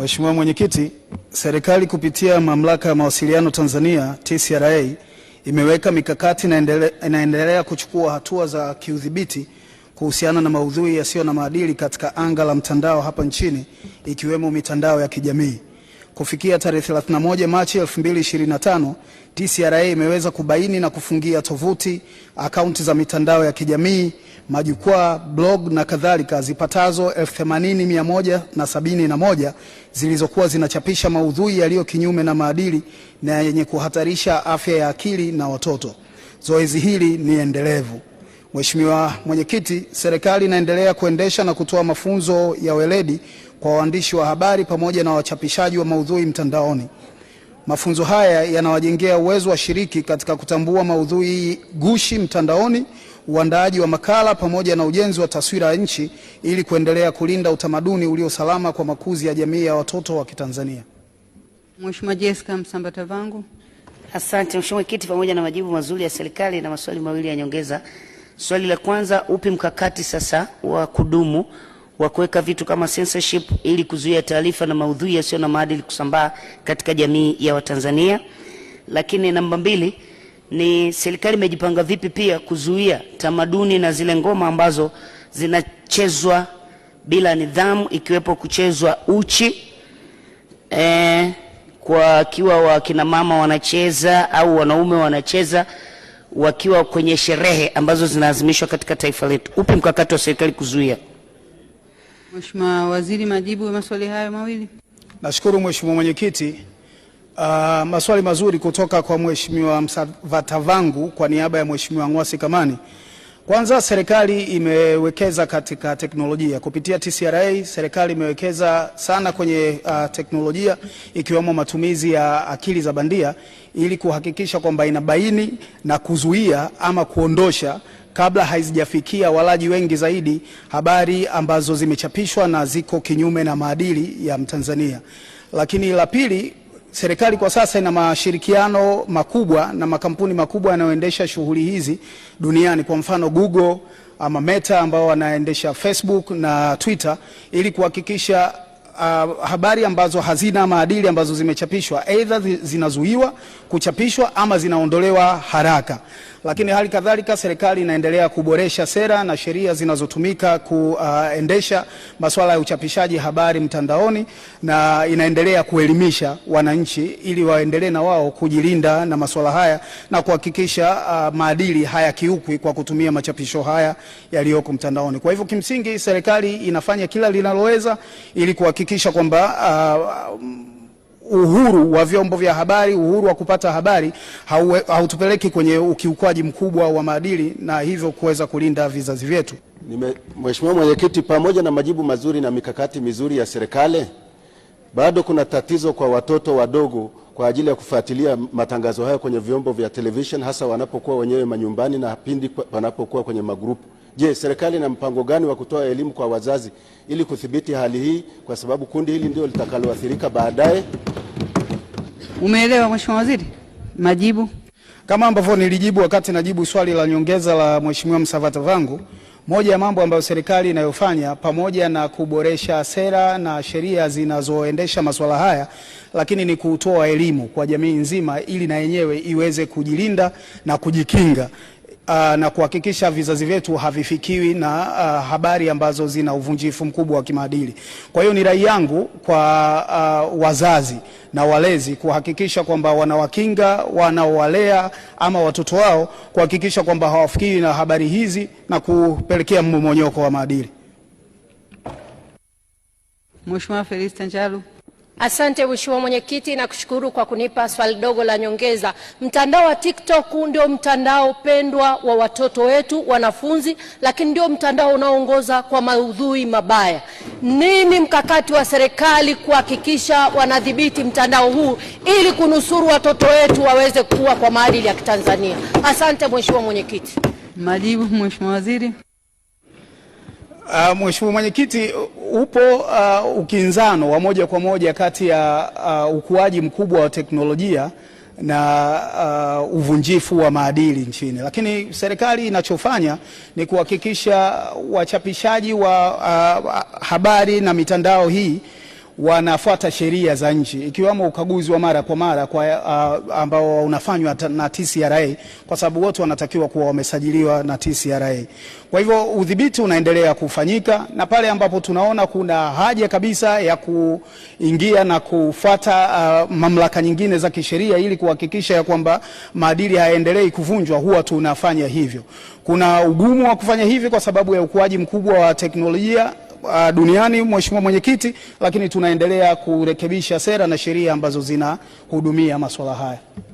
Mheshimiwa Mwenyekiti, serikali kupitia Mamlaka ya Mawasiliano Tanzania TCRA imeweka mikakati na inaendelea kuchukua hatua za kiudhibiti kuhusiana na maudhui yasiyo na maadili katika anga la mtandao hapa nchini ikiwemo mitandao ya kijamii. Kufikia tarehe 31 Machi 2025, TCRA imeweza kubaini na kufungia tovuti, akaunti za mitandao ya kijamii, majukwaa, blog na kadhalika zipatazo 80171 zilizokuwa zinachapisha maudhui yaliyo kinyume na maadili na yenye kuhatarisha afya ya akili na watoto. Zoezi hili ni endelevu. Mheshimiwa Mwenyekiti, serikali inaendelea kuendesha na kutoa mafunzo ya weledi kwa waandishi wa habari pamoja na wachapishaji wa maudhui mtandaoni. Mafunzo haya yanawajengea uwezo wa shiriki katika kutambua maudhui gushi mtandaoni, uandaaji wa makala pamoja na ujenzi wa taswira ya nchi ili kuendelea kulinda utamaduni ulio salama kwa makuzi ya jamii ya watoto wa Kitanzania. Mheshimiwa Jessica Msambatavangu. Asante Mheshimiwa Mwenyekiti, pamoja na majibu mazuri ya serikali na maswali mawili ya nyongeza Swali la kwanza, upi mkakati sasa wa kudumu wa kuweka vitu kama censorship ili kuzuia taarifa na maudhui yasiyo na maadili kusambaa katika jamii ya Watanzania? Lakini namba mbili ni serikali imejipanga vipi pia kuzuia tamaduni na zile ngoma ambazo zinachezwa bila nidhamu, ikiwepo kuchezwa uchi eh, kwa kiwa wakina mama wanacheza au wanaume wanacheza wakiwa kwenye sherehe ambazo zinaazimishwa katika taifa letu. Upi mkakati wa serikali kuzuia? Mheshimiwa Waziri, majibu ya maswali hayo mawili. Nashukuru Mheshimiwa Mwenyekiti. Uh, maswali mazuri kutoka kwa Mheshimiwa Msavatavangu kwa niaba ya Mheshimiwa Ngwasi Kamani. Kwanza, serikali imewekeza katika teknolojia kupitia TCRA. Serikali imewekeza sana kwenye uh, teknolojia ikiwemo matumizi ya akili za bandia ili kuhakikisha kwamba inabaini na kuzuia ama kuondosha kabla hazijafikia walaji wengi zaidi habari ambazo zimechapishwa na ziko kinyume na maadili ya Mtanzania. Lakini la pili, Serikali kwa sasa ina mashirikiano makubwa na makampuni makubwa yanayoendesha shughuli hizi duniani, kwa mfano Google ama Meta ambao wanaendesha Facebook na Twitter, ili kuhakikisha uh, habari ambazo hazina maadili ambazo zimechapishwa aidha zinazuiwa kuchapishwa ama zinaondolewa haraka. Lakini hali kadhalika serikali inaendelea kuboresha sera na sheria zinazotumika kuendesha masuala ya uchapishaji habari mtandaoni na inaendelea kuelimisha wananchi ili waendelee na wao kujilinda na masuala haya na kuhakikisha uh, maadili hayakiukwi kwa kutumia machapisho haya yaliyoko mtandaoni. Kwa hivyo kimsingi serikali inafanya kila linaloweza ili kuhakikisha kwamba uh, uhuru wa vyombo vya habari, uhuru wa kupata habari hautupeleki kwenye ukiukwaji mkubwa wa maadili na hivyo kuweza kulinda vizazi vyetu. Mheshimiwa Mwenyekiti, pamoja na majibu mazuri na mikakati mizuri ya serikali, bado kuna tatizo kwa watoto wadogo kwa ajili ya kufuatilia matangazo hayo kwenye vyombo vya television, hasa wanapokuwa wenyewe manyumbani na pindi wanapokuwa kwenye magrupu. Je, serikali ina mpango gani wa kutoa elimu kwa wazazi ili kudhibiti hali hii, kwa sababu kundi hili ndio litakaloathirika baadaye? Umeelewa Mheshimiwa Waziri? Majibu. Kama ambavyo nilijibu wakati najibu swali la nyongeza la Mheshimiwa Msavata vangu, moja ya mambo ambayo serikali inayofanya pamoja na kuboresha sera na sheria zinazoendesha masuala haya, lakini ni kutoa elimu kwa jamii nzima ili na yenyewe iweze kujilinda na kujikinga. Uh, na kuhakikisha vizazi vyetu havifikiwi na uh, habari ambazo zina uvunjifu mkubwa wa kimaadili. Kwa hiyo ni rai yangu kwa uh, wazazi na walezi kuhakikisha kwamba wanawakinga wanaowalea ama watoto wao kuhakikisha kwamba hawafikiwi na habari hizi na kupelekea mmomonyoko wa maadili. Mheshimiwa Felista Njalu. Asante Mheshimiwa Mwenyekiti, na kushukuru kwa kunipa swali dogo la nyongeza. Mtandao wa TikTok ndio mtandao pendwa wa watoto wetu wanafunzi, lakini ndio mtandao unaoongoza kwa maudhui mabaya. Nini mkakati wa serikali kuhakikisha wanadhibiti mtandao huu ili kunusuru watoto wetu waweze kuwa kwa maadili ya Kitanzania? Asante Mheshimiwa Mwenyekiti. Majibu Mheshimiwa Waziri. Uh, Mheshimiwa Mwenyekiti, Upo uh, ukinzano wa moja kwa moja kati ya uh, ukuaji mkubwa wa teknolojia na uh, uvunjifu wa maadili nchini, lakini serikali inachofanya ni kuhakikisha wachapishaji wa uh, habari na mitandao hii wanafuata sheria za nchi ikiwemo ukaguzi wa mara kwa mara kwa, uh, ambao unafanywa na TCRA kwa sababu wote wanatakiwa kuwa wamesajiliwa na TCRA. Kwa hivyo udhibiti unaendelea kufanyika na pale ambapo tunaona kuna haja kabisa ya kuingia na kufuata uh, mamlaka nyingine za kisheria ili kuhakikisha ya kwamba maadili hayaendelei kuvunjwa, huwa tunafanya hivyo. Kuna ugumu wa kufanya hivi kwa sababu ya ukuaji mkubwa wa teknolojia uh, duniani Mheshimiwa Mwenyekiti, lakini tunaendelea kurekebisha sera na sheria ambazo zinahudumia masuala haya.